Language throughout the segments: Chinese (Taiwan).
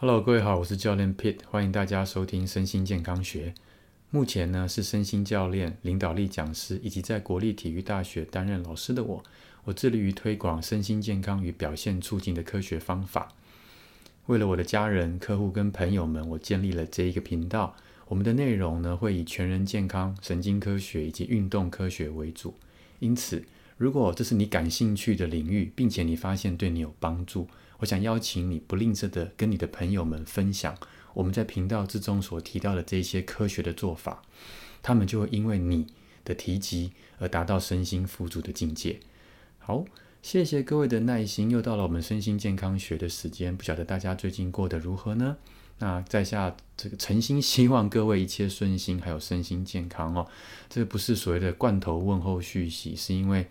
Hello，各位好，我是教練 Pitt，歡迎大家收聽身心健康學。目前呢是身心教練、領導力講師，以及在國立體育大學擔任老師的我，我致力於推廣身心健康與表現促進的科學方法。為了我的家人、客戶跟朋友們，我建立了這一個頻道。我們的內容呢會以全人健康、神經科學以及運動科學為主。因此，如果這是你感興趣的領域，並且你發現對你有幫助。我想邀請你不吝嗇的跟你的朋友們分享我們在頻道之中所提到的這些科學的做法，他們就會因為你的提及而達到身心富足的境界。好，謝謝各位的耐心。又到了我們身心健康學的時間，不曉得大家最近過得如何呢？那在下這個誠心希望各位一切順心，還有身心健康哦。這不是所謂的罐頭問候訊息，是因為。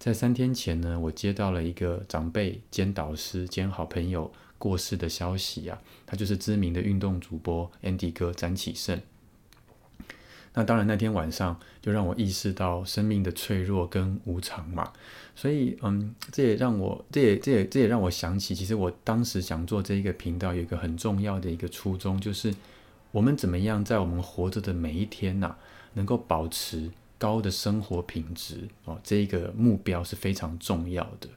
在三天前呢，我接到了一個長輩兼導師兼好朋友過世的消息啊，他就是知名的運動主播安迪哥詹啟勝。那當然，那天晚上就讓我意識到生命的脆弱跟無常嘛。所以，嗯，這也讓我，這也，這也，這也讓我想起，其實我當時想做這一個頻道有一個很重要的一個初衷，就是我們怎麼樣在我們活着的每一天吶、啊，能夠保持。高的生活品質哦，這一個目標是非常重要的。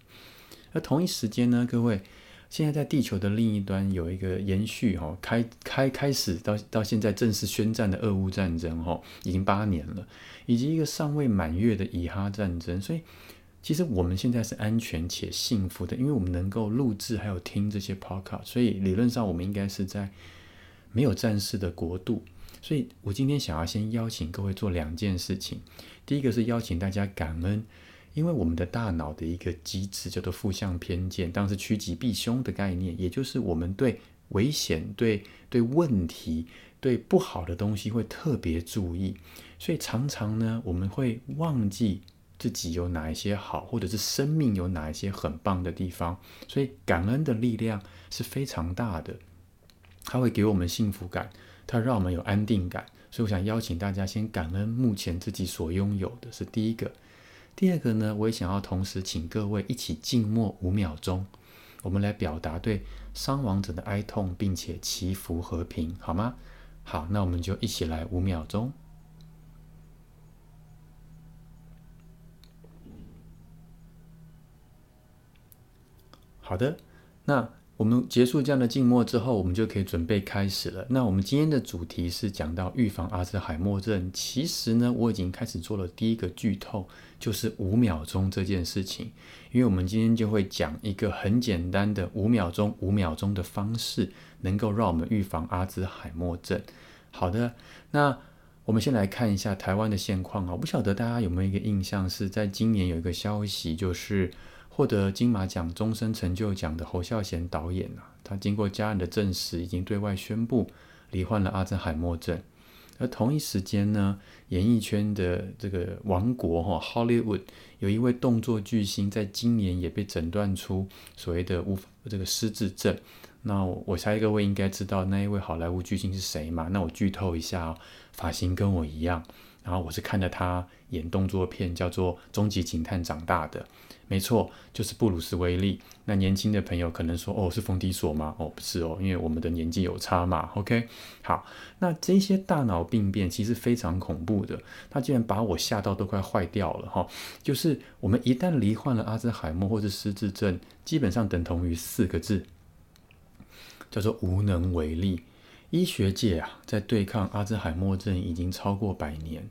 而同一時間呢，各位現在在地球的另一端有一個延續哦，開開開始到到現在正式宣戰的俄烏戰爭哦，已經八年了，以及一個尚未滿月的以哈戰爭。所以其實我們現在是安全且幸福的，因為我們能夠錄制還有聽這些 podcast，所以理論上我們應該是在沒有戰事的國度。所以我今天想要先邀請各位做兩件事情，第一個是邀請大家感恩，因為我們的大腦的一個機制叫做負向偏見，當時趨吉避凶的概念，也就是我們對危險、對對問題、對不好的東西會特別注意，所以常常呢我們會忘記自己有哪一些好，或者是生命有哪一些很棒的地方，所以感恩的力量是非常大的，它會給我們幸福感。它讓我們有安定感，所以我想邀請大家先感恩目前自己所擁有的，是第一個。第二個呢，我也想要同時請各位一起靜默五秒鐘，我們來表達對傷亡者的哀痛，並且祈福和平，好嗎？好，那我們就一起來五秒鐘。好的，那。我們結束這樣的靜默之後，我們就可以準備開始了。那我們今天的主題是講到預防阿茲海默症。其實呢，我已經開始做了第一個劇透，就是五秒鐘這件事情。因為我們今天就會講一個很簡單的五秒鐘、五秒鐘的方式，能夠讓我們預防阿茲海默症。好的，那我們先來看一下台灣的現況啊。我不曉得大家有沒有一個印象，是在今年有一個消息就是。獲得金馬獎終身成就獎的侯孝賢導演、啊、他經過家人的證實，已經對外宣佈罹患了阿茲海默症。而同一時間呢，演藝圈的這個王國哈、哦，Hollywood 有一位動作巨星，在今年也被診斷出所謂的無法這個失智症。那我，我下一個位應該知道那一位好萊塢巨星是誰嘛？那我劇透一下、哦，髮型跟我一樣。然後我是看着他演動作片，叫做《終極警探》長大的，沒錯，就是布魯斯·威利。那年輕的朋友可能說：“哦，是馮迪索嗎？”哦，不是哦，因為我們的年紀有差嘛。OK，好，那這些大腦病變其實非常恐怖的，他竟然把我嚇到都快壞掉了哈、哦。就是我們一旦罹患了阿茲海默或者失智症，基本上等同於四個字，叫做無能為力。醫學界啊，在對抗阿茲海默症已經超過百年，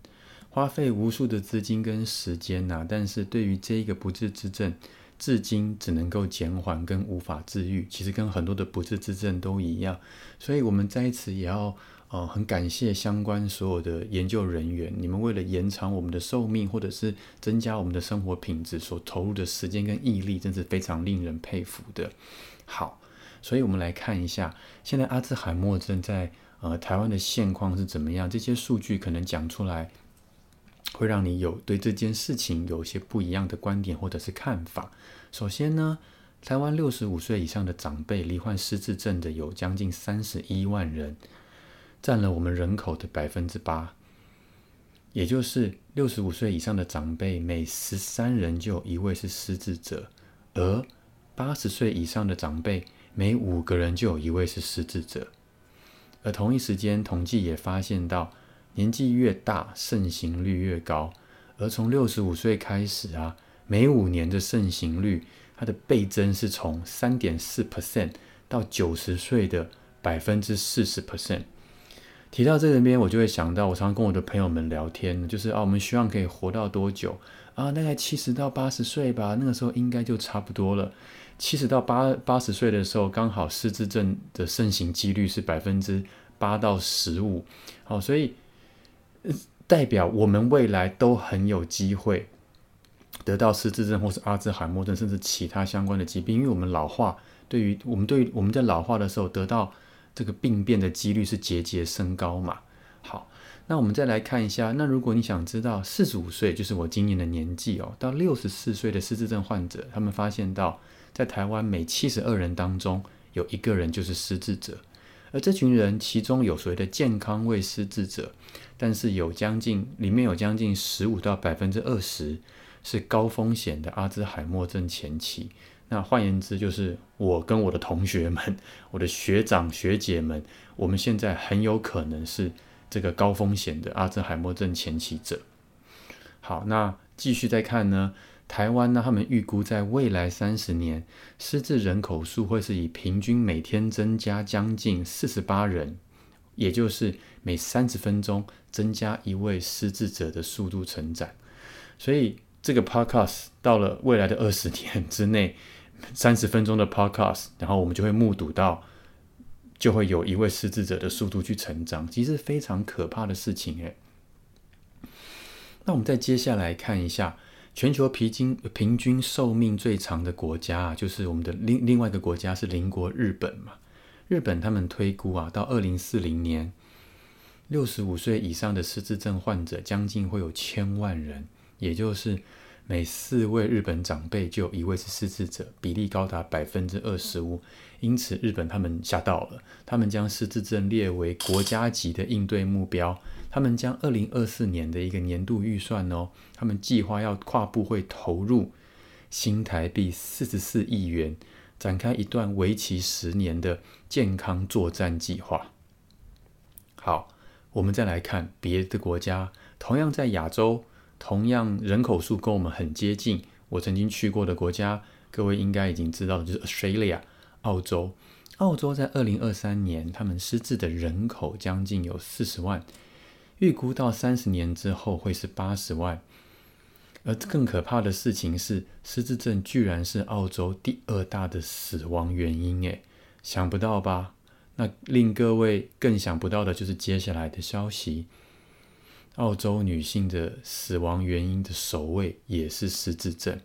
花費無數的資金跟時間吶啊，但是對於這一個不治之症，至今只能夠減緩跟無法治癒。其實跟很多的不治之症都一樣，所以我們在此也要呃，很感謝相關所有的研究人員，你們為了延長我們的壽命或者是增加我們的生活品質所投入的時間跟毅力，真是非常令人佩服的。好。所以，我們來看一下現在阿茲海默症在呃台灣的現況是怎麼樣。這些數據可能講出來，會讓你有對這件事情有一些不一樣的觀點或者是看法。首先呢，台灣六十五歲以上的長輩罹患失智症的有將近三十一萬人，占了我們人口的百分之八，也就是六十五歲以上的長輩每十三人就有一位是失智者，而八十歲以上的長輩。每五個人就有一位是失智者，而同一時間統計也發現到，年紀越大盛行率越高，而從六十五歲開始啊，每五年的盛行率，它的倍增是從三點四 percent 到九十歲的百分之四十 percent。提到這邊，我就會想到，我常常跟我的朋友們聊天，就是，啊，我們希望可以活到多久？啊，那大概七十到八十歲吧，那個時候應該就差不多了。七十到八八十歲的時候，剛好失智症的盛行幾率是百分之八到十五。好，所以，呃，代表我們未來都很有機會得到失智症，或是阿茲海默症，甚至其他相關的疾病，因為我們老化，對於我們對我們在老化的時候得到這個病變的幾率是節節升高嘛。好。那我們再來看一下，那如果你想知道四十五歲就是我今年的年紀哦，到六十四歲的失智症患者，他們發現到在台灣每七十二人當中有一個人就是失智者，而這群人其中有所謂的健康未失智者，但是有將近裡面有將近十五到百分之二十是高風險的阿茲海默症前期。那換言之，就是我跟我的同學們、我的學長學姐們，我們現在很有可能是。這個高風險的阿茲海默症前期者，好，那繼續再看呢，台灣呢，他們預估在未來三十年，失智人口數會是以平均每天增加將近四十八人，也就是每三十分鐘增加一位失智者的速度成長。所以這個 podcast 到了未來的二十年之內，三十分鐘的 podcast，然後我們就會目睹到，就會有一位失智者的速度去成長，其實是非常可怕的事情誒，那我們再接下來看一下全球平均平均壽命最長的國家啊，就是我們的另另外一個國家是鄰國日本嘛。日本他們推估啊，到二零四零年，六十五歲以上的失智症患者將近會有千萬人，也就是。每四位日本長輩就有一位是失智者，比例高達百分之二十五。因此，日本他們嚇到了，他們將失智症列為國家級的應對目標。他們將二零二四年的一個年度預算哦，他們計劃要跨部會投入新台幣四十四億元，展開一段為期十年的健康作戰計劃。好，我們再來看別的國家，同樣在亞洲。同樣人口數跟我們很接近，我曾經去過的國家，各位應該已經知道，就是 Australia，澳洲。澳洲在二零二三年，他們失智的人口將近有四十萬，預估到三十年之後會是八十萬。而更可怕的事情是，失智症居然是澳洲第二大的死亡原因，哎，想不到吧？那令各位更想不到的就是接下來的消息。澳洲女性的死亡原因的首位也是失智症。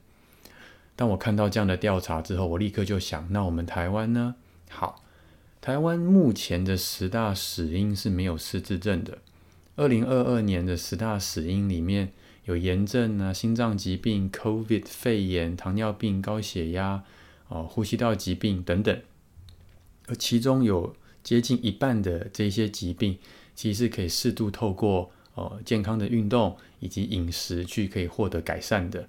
當我看到這樣的調查之後，我立刻就想：那我們台灣呢？好，台灣目前的十大死因是沒有失智症的。二零二二年的十大死因裡面有炎症啊、心臟疾病、COVID 肺炎、糖尿病、高血壓、啊、呼吸道疾病等等。而其中有接近一半的這些疾病，其實可以適度透過。健康的運動以及飲食去可以獲得改善的。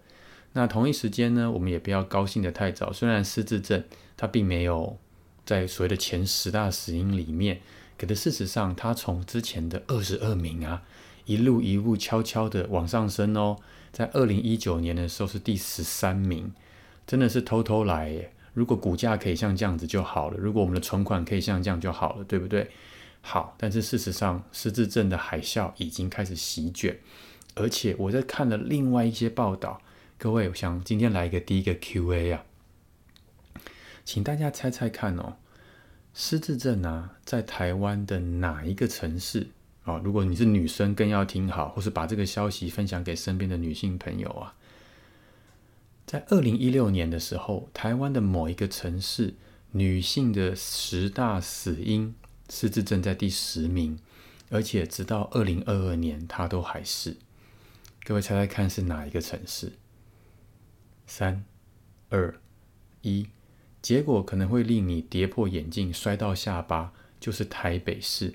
那同一時間呢，我們也不要高興得太早。雖然失智症它並沒有在所謂的前十大死因裡面，可是事實上，它從之前的二十二名啊，一路一路悄悄的往上升哦。在二零一九年的時候是第十三名，真的是偷偷來耶。如果股價可以像這樣子就好了，如果我們的存款可以像這樣就好了，對不對？好，但是事實上，失智症的海嘯已經開始席捲。而且，我在看了另外一些報道，各位，我想今天來一個第一個 Q&A 啊，請大家猜猜看哦。失智症啊，在台灣的哪一個城市哦，如果你是女生，更要聽好，或是把這個消息分享給身邊的女性朋友啊。在二零一六年的時候，台灣的某一個城市女性的十大死因。甚至正在第十名，而且直到二零二二年，它都還是。各位猜猜看是哪一個城市？三、二、一，結果可能會令你跌破眼鏡，摔到下巴，就是台北市。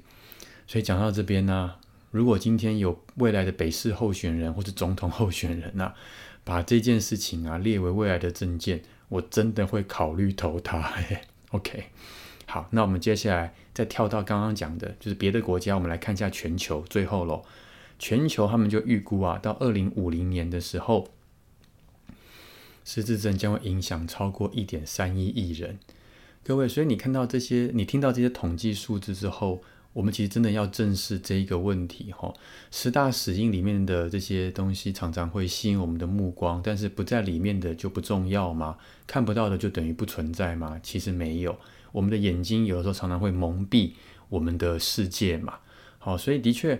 所以講到這邊呢、啊，如果今天有未來的北市候選人或是總統候選人吶、啊，把這件事情啊列為未來的政見，我真的會考慮投他。OK。好，那我們接下來再跳到剛剛講的，就是別的國家，我們來看一下全球最後嘍。全球他們就預估啊，到二零五零年的時候，失智症將會影響超過一點三一億人。各位，所以你看到這些，你聽到這些統計數字之後，我們其實真的要正視這一個問題哈、哦。十大死因裡面的這些東西常常會吸引我們的目光，但是不在裡面的就不重要嗎？看不到的就等於不存在嗎？其實沒有。我們的眼睛有時候常常會蒙蔽我們的世界嘛。好，所以的確，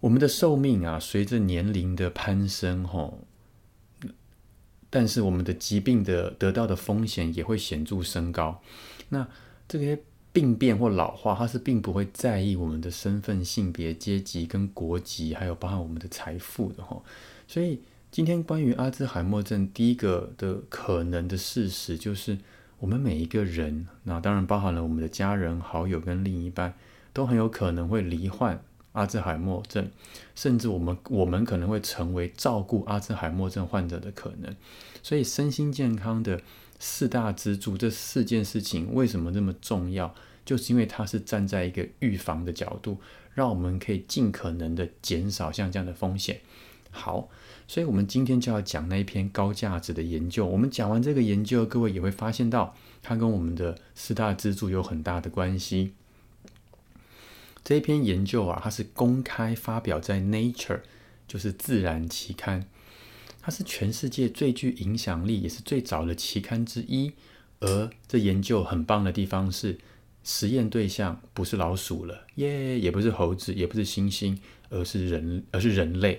我們的壽命啊，隨着年齡的攀升，吼，但是我們的疾病的得到的風險也會顯著升高。那這些病變或老化，它是並不會在意我們的身份、性別、階級跟國籍，還有包含我們的財富的，吼。所以今天關於阿茲海默症，第一個的可能的事實就是。我們每一個人，那當然包含了我們的家人、好友跟另一半，都很有可能會罹患阿茲海默症，甚至我們我們可能會成為照顧阿茲海默症患者的可能。所以身心健康的四大支柱，這四件事情為什麼這麼重要？就是因為它是站在一個預防的角度，讓我們可以盡可能的減少像這樣的風險。好。所以，我們今天就要講那一篇高價值的研究。我們講完這個研究，各位也會發現到，它跟我們的四大支柱有很大的關係。這一篇研究啊，它是公開發表在《Nature》，就是《自然》期刊，它是全世界最具影響力也是最早的期刊之一。而這研究很棒的地方是，實驗對象不是老鼠了，耶、yeah!，也不是猴子，也不是猩猩，而是人，而是人類。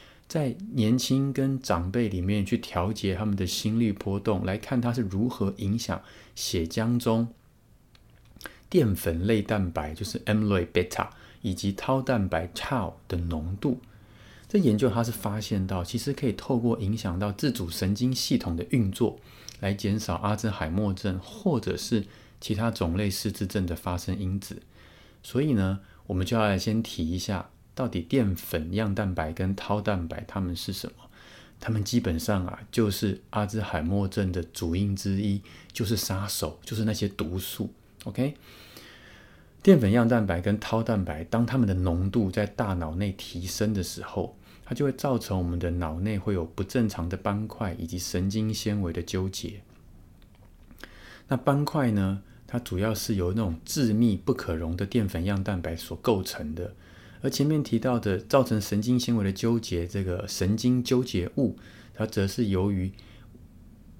在年輕跟長輩裡面去調節他們的心率波動，來看他是如何影響血漿中澱粉類蛋白，就是 amyloid beta 以及 tau 蛋白 tau 的濃度。這研究他是發現到，其實可以透過影響到自主神經系統的運作，來減少阿茲海默症或者是其他種類失智症的發生因子。所以呢，我們就要來先提一下。到底澱粉樣蛋白跟 Tau 蛋白它們是什麼？它們基本上啊，就是阿茲海默症的主因之一，就是殺手，就是那些毒素。OK，澱粉樣蛋白跟 Tau 蛋白，當它們的濃度在大腦內提升的時候，它就會造成我們的腦內會有不正常的斑塊以及神經纖維的糾結。那斑塊呢？它主要是由那種致密不可溶的澱粉樣蛋白所構成的。而前面提到的造成神經纖維的糾結，這個神經糾結物，它則是由於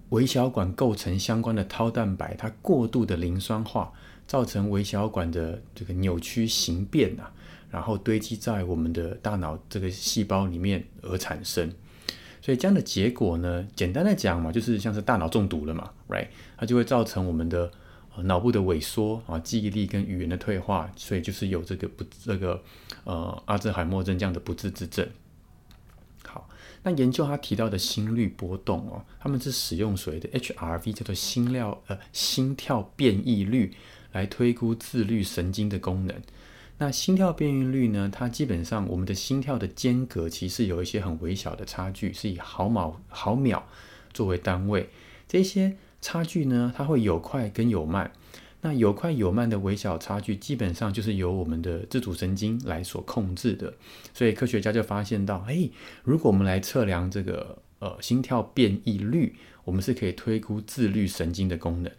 微小管構成相關的 Tau 蛋白，它過度的磷酸化，造成微小管的這個扭曲形變啊，然後堆積在我們的大腦這個細胞裡面而產生。所以這樣的結果呢，簡單來講嘛，就是像是大腦中毒了嘛，Right？它就會造成我們的。腦部的萎縮啊，記憶力跟語言的退化，所以就是有這個不這個呃阿茲海默症這樣的不治之症。好，那研究他提到的心率波動哦，他們是使用所謂的 HRV，叫做心率呃心跳變異率來推估自律神經的功能。那心跳變異率呢？它基本上我們的心跳的間隔其實有一些很微小的差距，是以毫秒毫秒作為單位，這些。差距呢，它會有快跟有慢，那有快有慢的微小差距，基本上就是由我們的自主神經來所控制的。所以科學家就發現到，誒，如果我們來測量這個呃心跳變異率，我們是可以推估自律神經的功能。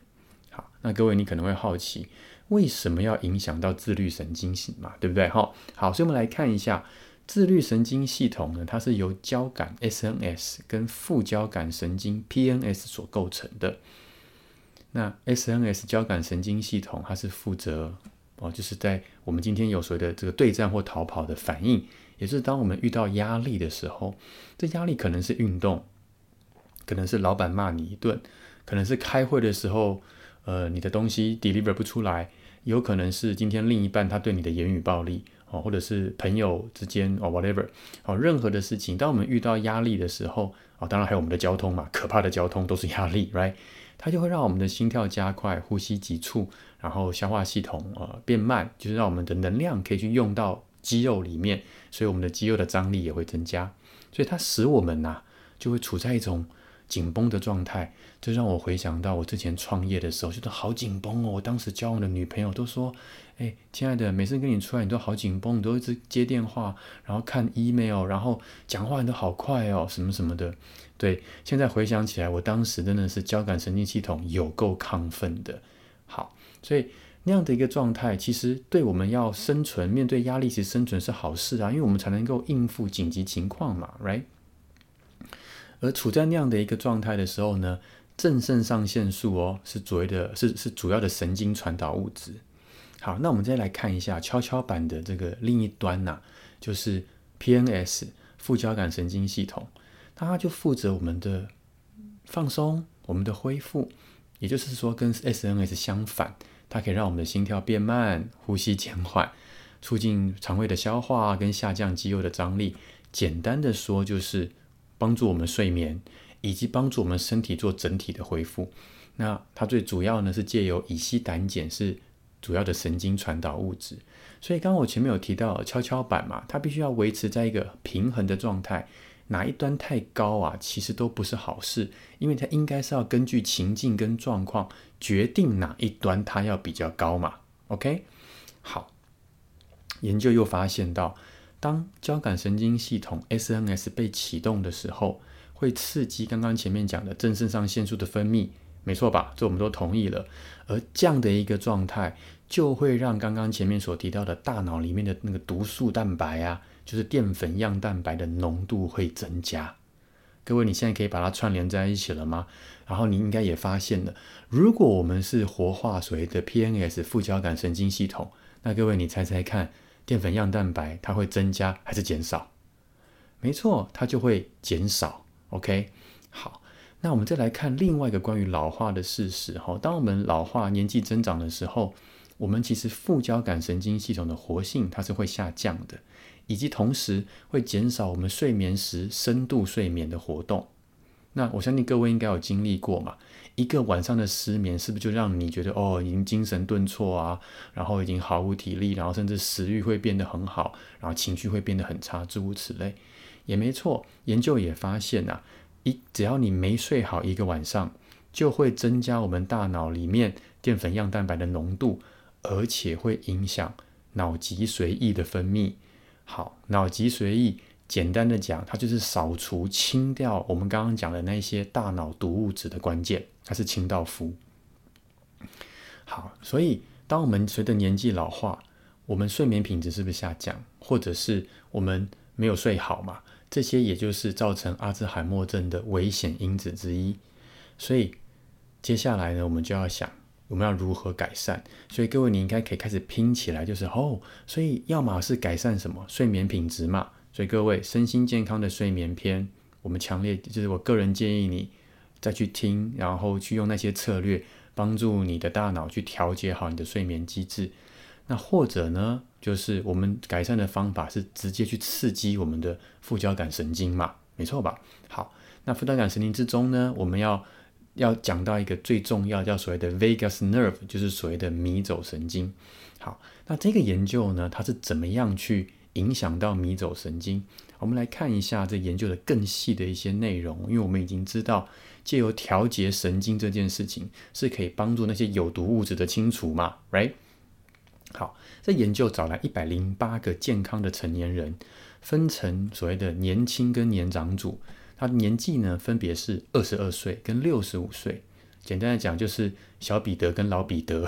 好，那各位你可能會好奇，為什麼要影響到自律神經型嘛？對不對？好，好，所以我們來看一下。自律神經系統呢，它是由交感 SNS 跟副交感神經 PNS 所構成的。那 SNS 交感神經系統，它是負責哦，就是在我們今天有所謂的這個對戰或逃跑的反應，也就是當我們遇到壓力的時候，這壓力可能是運動，可能是老板罵你一頓，可能是開會的時候，呃，你的東西 deliver 不出來，有可能是今天另一半他對你的言語暴力。哦，或者是朋友之間哦 whatever，哦，任何的事情，當我們遇到壓力的時候，哦，當然還有我們的交通嘛，可怕的交通都是壓力，right？它就會讓我們的心跳加快，呼吸急促，然後消化系統呃變慢，就是讓我們的能量可以去用到肌肉裡面，所以我們的肌肉的張力也會增加，所以它使我們吶，啊，就會處在一種緊繃的狀態，就讓我回想到我之前創業的時候，覺得好緊繃哦。我當時交往的女朋友都說：“哎，親愛的，每次跟你出來，你都好緊繃，你都一直接電話，然後看 email，然後講話你都好快哦，什麼什麼的。”對，現在回想起來，我當時真的是交感神經系統有夠亢奮的。好，所以那樣的一個狀態，其實對我們要生存、面對壓力，其實生存是好事啊，因為我們才能夠應付緊急情況嘛，right？而處在那樣的一個狀態的時候呢，正腎上腺素哦，是主要的，是是主要的神經傳導物質。好，那我們再來看一下蹺蹺板的這個另一端吶、啊，就是 PNS 副交感神經系統，那它就負責我們的放鬆、我們的恢復，也就是說，跟 SNS 相反，它可以讓我們的心跳變慢、呼吸減緩，促進腸胃的消化跟下降肌肉的張力。簡單的說就是。幫助我們睡眠，以及幫助我們身體做整體的恢復。那它最主要呢是借由乙醯膽鹼是主要的神經傳導物質。所以剛剛我前面有提到蹺蹺板嘛，它必須要維持在一個平衡的狀態。哪一端太高啊，其實都不是好事，因為它應該是要根據情境跟狀況決定哪一端它要比較高嘛。OK，好，研究又發現到。當交感神經系統 SNS 被啟動的時候，會刺激剛剛前面講的正腎上腺素的分泌，沒錯吧？這我們都同意了。而這樣的一個狀態，就會讓剛剛前面所提到的大腦裡面的那個毒素蛋白啊，就是澱粉樣蛋白的濃度會增加。各位，你現在可以把它串聯在一起了嗎？然後你應該也發現了，如果我們是活化所謂的 PNS 副交感神經系統，那各位你猜猜看？澱粉樣蛋白它會增加還是減少？沒錯，它就會減少。OK，好，那我們再來看另外一個關於老化的事實哈。當我們老化、年紀增長的時候，我們其實副交感神經系統的活性它是會下降的，以及同時會減少我們睡眠時深度睡眠的活動。那我相信各位應該有經歷過嘛。一個晚上的失眠，是不是就讓你覺得哦，已經精神頓挫啊，然後已經毫無體力，然後甚至食欲會變得很好，然後情緒會變得很差，諸如此類，也沒錯。研究也發現吶、啊，一只要你沒睡好一個晚上，就會增加我們大腦裡面澱粉樣蛋白的濃度，而且會影響腦脊髓液的分泌。好，腦脊髓液。簡單的講，它就是掃除、清掉我們剛剛講的那些大腦毒物質的關鍵，它是清道夫。好，所以當我們隨着年紀老化，我們睡眠品質是不是下降，或者是我們沒有睡好嘛？這些也就是造成阿茲海默症的危險因子之一。所以接下來呢，我們就要想，我們要如何改善？所以各位，你應該可以開始拼起來，就是哦，所以要嘛是改善什麼睡眠品質嘛？所以各位，身心健康的睡眠篇，我們強烈就是我個人建議你再去聽，然後去用那些策略，幫助你的大腦去調節好你的睡眠機制。那或者呢，就是我們改善的方法是直接去刺激我們的副交感神經嘛，沒錯吧？好，那副交感神經之中呢，我們要要講到一個最重要，叫所謂的 vagus nerve，就是所謂的迷走神經。好，那這個研究呢，它是怎麼樣去？影響到迷走神經，我們來看一下這研究的更細的一些內容。因為我們已經知道，借由調節神經這件事情是可以幫助那些有毒物質的清除嘛，Right？好，這研究找來一百零八個健康的成年人，分成所謂的年輕跟年長組，他年紀呢分別是二十二歲跟六十五歲。簡單來講，就是小彼得跟老彼得。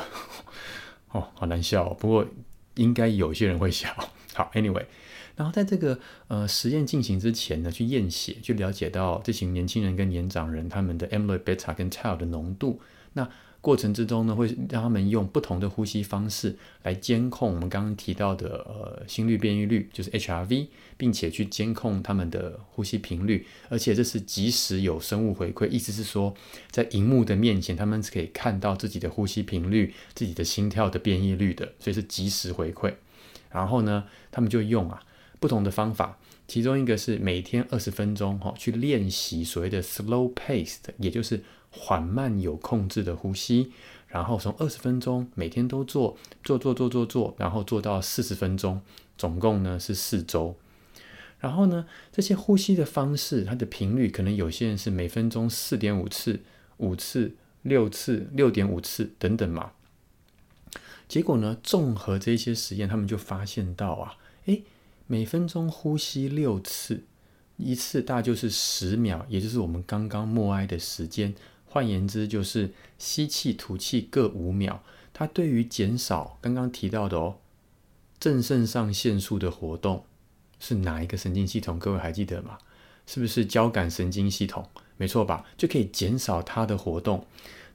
哦，好難笑哦，不過應該有些人會笑。好，Anyway，然後在這個呃實驗進行之前呢，去驗血，去了解到這群年輕人跟年長人他們的 amyloid beta 跟 tau 的濃度。那過程之中呢，會讓他們用不同的呼吸方式來監控我們剛剛提到的呃心率變異率，就是 HRV，並且去監控他們的呼吸頻率。而且這是即時有生物回饋，意思是說在熒幕的面前，他們可以看到自己的呼吸頻率、自己的心跳的變異率的，所以是即時回饋。然後呢，他們就用啊不同的方法，其中一個是每天二十分鐘哈、哦，去練習所謂的 slow paced，也就是緩慢有控制的呼吸，然後從二十分鐘每天都做做做做做做，然後做到四十分鐘，總共呢是四周。然後呢，這些呼吸的方式，它的頻率可能有些人是每分鐘四點五次、五次、六次、六點五次等等嘛。結果呢，綜合這些實驗，他們就發現到啊，誒，每分鐘呼吸六次，一次大概就是十秒，也就是我們剛剛默哀的時間。換言之，就是吸氣、吐氣各五秒。它對於減少剛剛提到的哦，正腎上腺素的活動，是哪一個神經系統？各位還記得嗎？是不是交感神經系統？沒錯吧？就可以減少它的活動。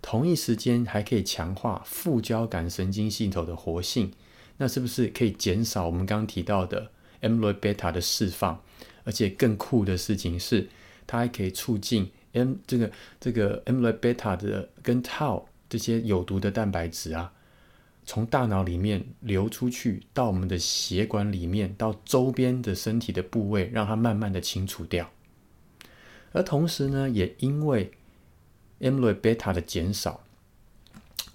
同一時間還可以強化副交感神經系統的活性，那是不是可以減少我們剛剛提到的 amyloid beta 的釋放？而且更酷的事情是，它還可以促進 M，這個這個 amyloid beta 的跟 tau 這些有毒的蛋白質啊，從大腦裡面流出去，到我們的血管裡面，到周邊的身體的部位，讓它慢慢的清除掉。而同時呢，也因為 mRNA beta 的減少，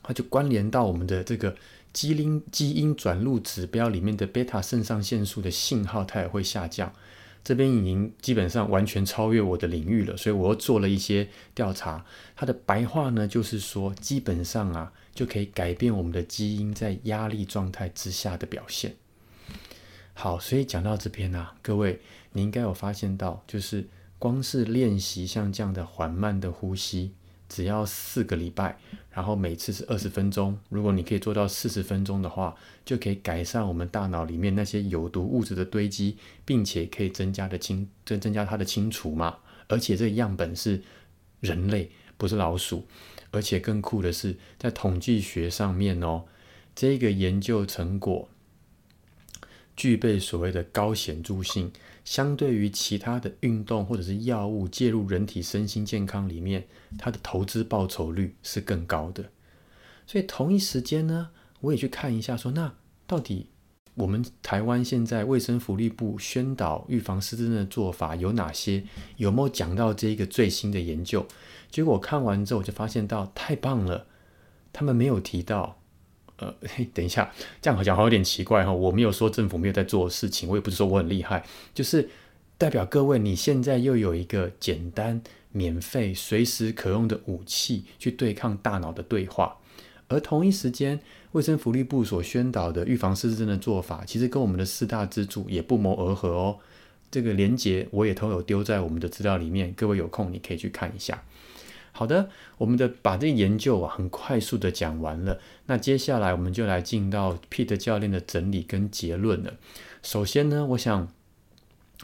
它就關聯到我們的這個基因基因轉錄指標裡面的 beta 腎上腺素的信號，它也會下降。這邊已經基本上完全超越我的領域了，所以我又做了一些調查。它的白話呢，就是說，基本上啊，就可以改變我們的基因在壓力狀態之下的表現。好，所以講到這邊啊，各位你應該有發現到，就是光是練習像這樣的緩慢的呼吸。只要四個禮拜，然後每次是二十分鐘。如果你可以做到四十分鐘的話，就可以改善我們大腦裡面那些有毒物質的堆積，並且可以增加的清，增增加它的清除嘛。而且這個樣本是人類，不是老鼠。而且更酷的是，在統計學上面哦，這個研究成果具備所謂的高顯著性。相對於其他的運動或者是藥物介入人體身心健康裡面，它的投資報酬率是更高的。所以同一時間呢，我也去看一下說，說那到底我們台灣現在衛生福利部宣導預防失智症的做法有哪些？有沒有講到這一個最新的研究？結果我看完之後，我就發現到太棒了，他們沒有提到。呃，嘿，等一下，這樣好像好像有點奇怪哈。我沒有說政府沒有在做的事情，我也不是說我很厲害，就是代表各位，你現在又有一個簡單、免費、隨時可用的武器去對抗大腦的對話。而同一時間，衛生福利部所宣導的預防失智症的做法，其實跟我們的四大支柱也不謀而合哦。這個連結我也都有丟在我們的資料裡面，各位有空你可以去看一下。好的，我們的把這個研究啊，很快速的講完了。那接下來我們就來進到 Pitt 教練的整理跟結論了。首先呢，我想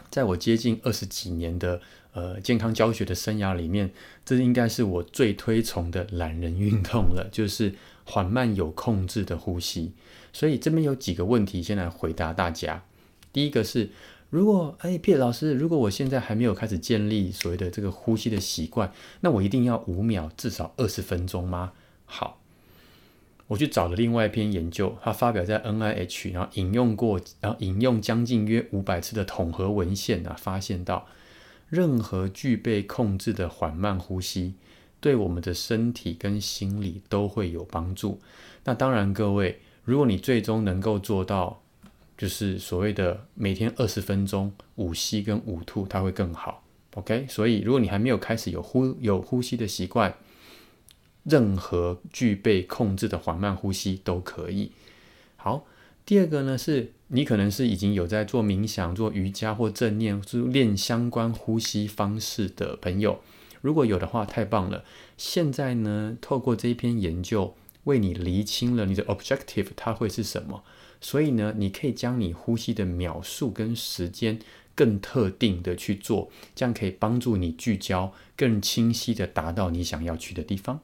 在我接近二十幾年的呃健康教學的生涯裡面，這應該是我最推崇的懶人運動了，就是緩慢有控制的呼吸。所以這邊有幾個問題，先來回答大家。第一個是。如果誒，Pitt 老師，如果我現在還沒有開始建立所謂的這個呼吸的習慣，那我一定要五秒至少二十分鐘嗎？好，我去找了另外一篇研究，它發表在 NIH，然後引用過，然後引用將近約五百次的統合文獻啊，發現到任何具備控制的緩慢呼吸，對我們的身體跟心理都會有幫助。那當然，各位，如果你最終能夠做到。就是所謂的每天二十分鐘，五吸跟五吐，它會更好。OK，所以如果你還沒有開始有呼有呼吸的習慣，任何具備控制的緩慢呼吸都可以。好，第二個呢是，你可能是已經有在做冥想、做瑜伽或正念，是練相關呼吸方式的朋友，如果有的話，太棒了。現在呢，透過這一篇研究。為你釐清了你的 objective，它會是什麼？所以呢，你可以將你呼吸的秒數跟時間更特定的去做，這樣可以幫助你聚焦，更清晰的達到你想要去的地方。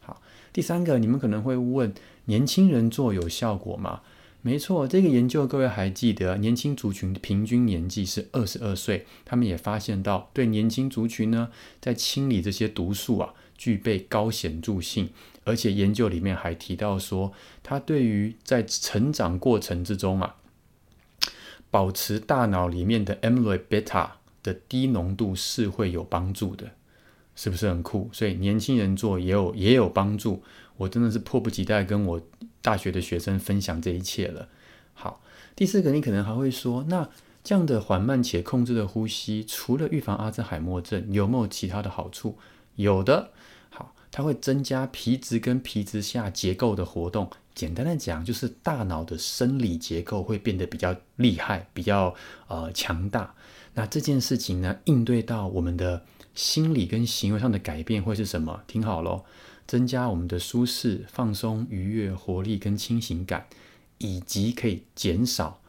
好，第三個，你們可能會問，年輕人做有效果嗎？沒錯，這個研究各位還記得，年輕族群的平均年紀是二十二歲，他們也發現到，對年輕族群呢，在清理這些毒素啊，具備高顯著性。而且研究裡面還提到說，它對於在成長過程之中啊，保持大腦裡面的 amyloid beta 的低濃度是會有幫助的，是不是很酷？所以年輕人做也有也有幫助。我真的是迫不及待跟我大學的學生分享這一切了。好，第四個你可能還會說，那這樣的緩慢且控制的呼吸，除了預防阿茲海默症，有沒有其他的好處？有的。好，它會增加皮質跟皮質下結構的活動。簡單的講，就是大腦的生理結構會變得比較厲害，比較呃強大。那這件事情呢，應對到我們的心理跟行為上的改變會是什麼？聽好咯，增加我們的舒適、放鬆、愉悅、活力跟清醒感，以及可以減少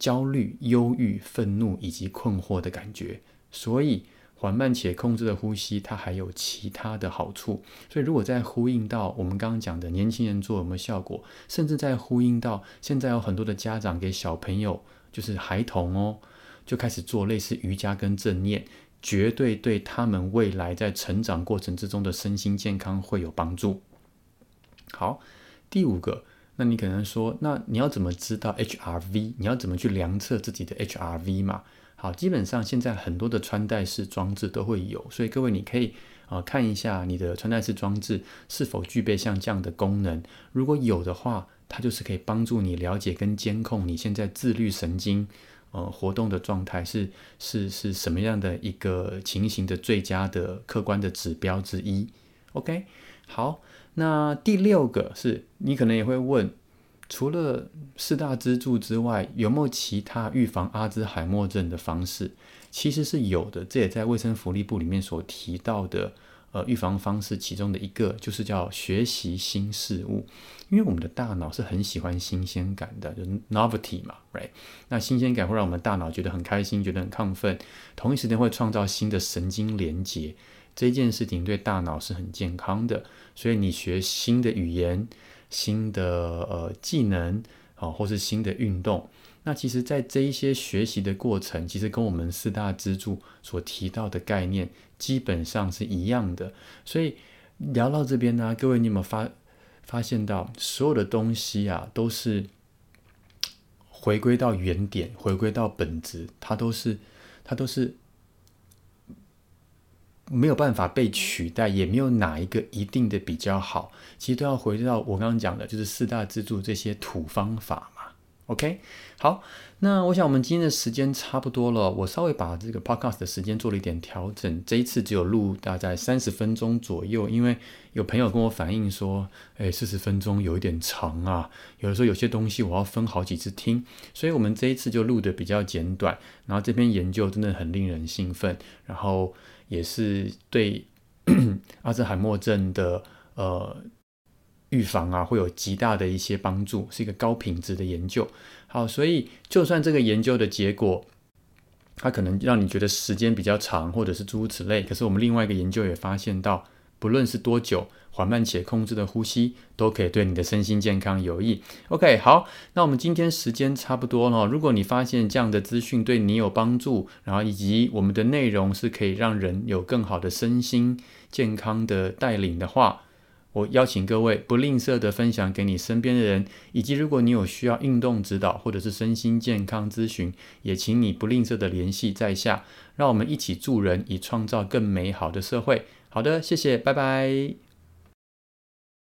焦慮、憂鬱、憤怒以及困惑的感覺。所以。緩慢且控制的呼吸，它還有其他的好處。所以，如果在呼應到我們剛剛講的，年輕人做有沒有效果？甚至在呼應到現在有很多的家長給小朋友，就是孩童哦，就開始做類似瑜伽跟正念，絕對對他們未來在成長過程之中的身心健康會有幫助。好，第五個，那你可能說，那你要怎麼知道 HRV？你要怎麼去量測自己的 HRV 嘛？好，基本上現在很多的穿戴式裝置都會有，所以各位你可以呃看一下你的穿戴式裝置是否具備像這樣的功能。如果有的話，它就是可以幫助你了解跟監控你現在自律神經呃活動的狀態是是是什麼樣的一個情形的最佳的客觀的指標之一。OK，好，那第六個是你可能也會問。除了四大支柱之外，有沒有其他預防阿茲海默症的方式？其實是有的，這也在衛生福利部裡面所提到的，呃，預防方式其中的一個就是叫學習新事物，因為我們的大腦是很喜歡新鮮感的，就是、novelty 嘛，right？那新鮮感會讓我們大腦覺得很開心，覺得很亢奮，同一時間會創造新的神經連接，這件事情對大腦是很健康的，所以你學新的語言。新的呃技能啊、呃，或是新的運動，那其實，在這一些學習的過程，其實跟我們四大支柱所提到的概念，基本上是一樣的。所以聊到這邊呢、啊，各位，你有沒有發發現到，所有的東西啊，都是回歸到原點，回歸到本質，它都是，它都是。沒有辦法被取代，也沒有哪一個一定的比較好。其實都要回到我剛剛講的，就是四大支柱這些土方法嘛。OK，好。那我想我們今天的時間差不多了，我稍微把這個 podcast 的時間做了一點調整，這一次只有錄大概三十分鐘左右，因為有朋友跟我反映說，誒，四十分鐘有一點長啊，有的時候有些東西我要分好幾次聽，所以我們這一次就錄得比較簡短。然後這篇研究真的很令人興奮，然後也是對阿茲海默症的呃。預防啊，會有極大的一些幫助，是一個高品質的研究。好，所以就算這個研究的結果，它可能讓你覺得時間比較長，或者是諸如此類。可是我們另外一個研究也發現到，不論是多久，緩慢且控制的呼吸，都可以對你的身心健康有益。OK，好，那我們今天時間差不多了。如果你發現這樣的資訊對你有幫助，然後以及我們的內容是可以讓人有更好的身心健康的帶領的話。我邀請各位不吝嗇地分享給你身邊的人，以及如果你有需要運動指導或者是身心健康諮詢，也請你不吝嗇地聯繫在下，讓我們一起助人，以創造更美好的社會。好的，謝謝，拜拜。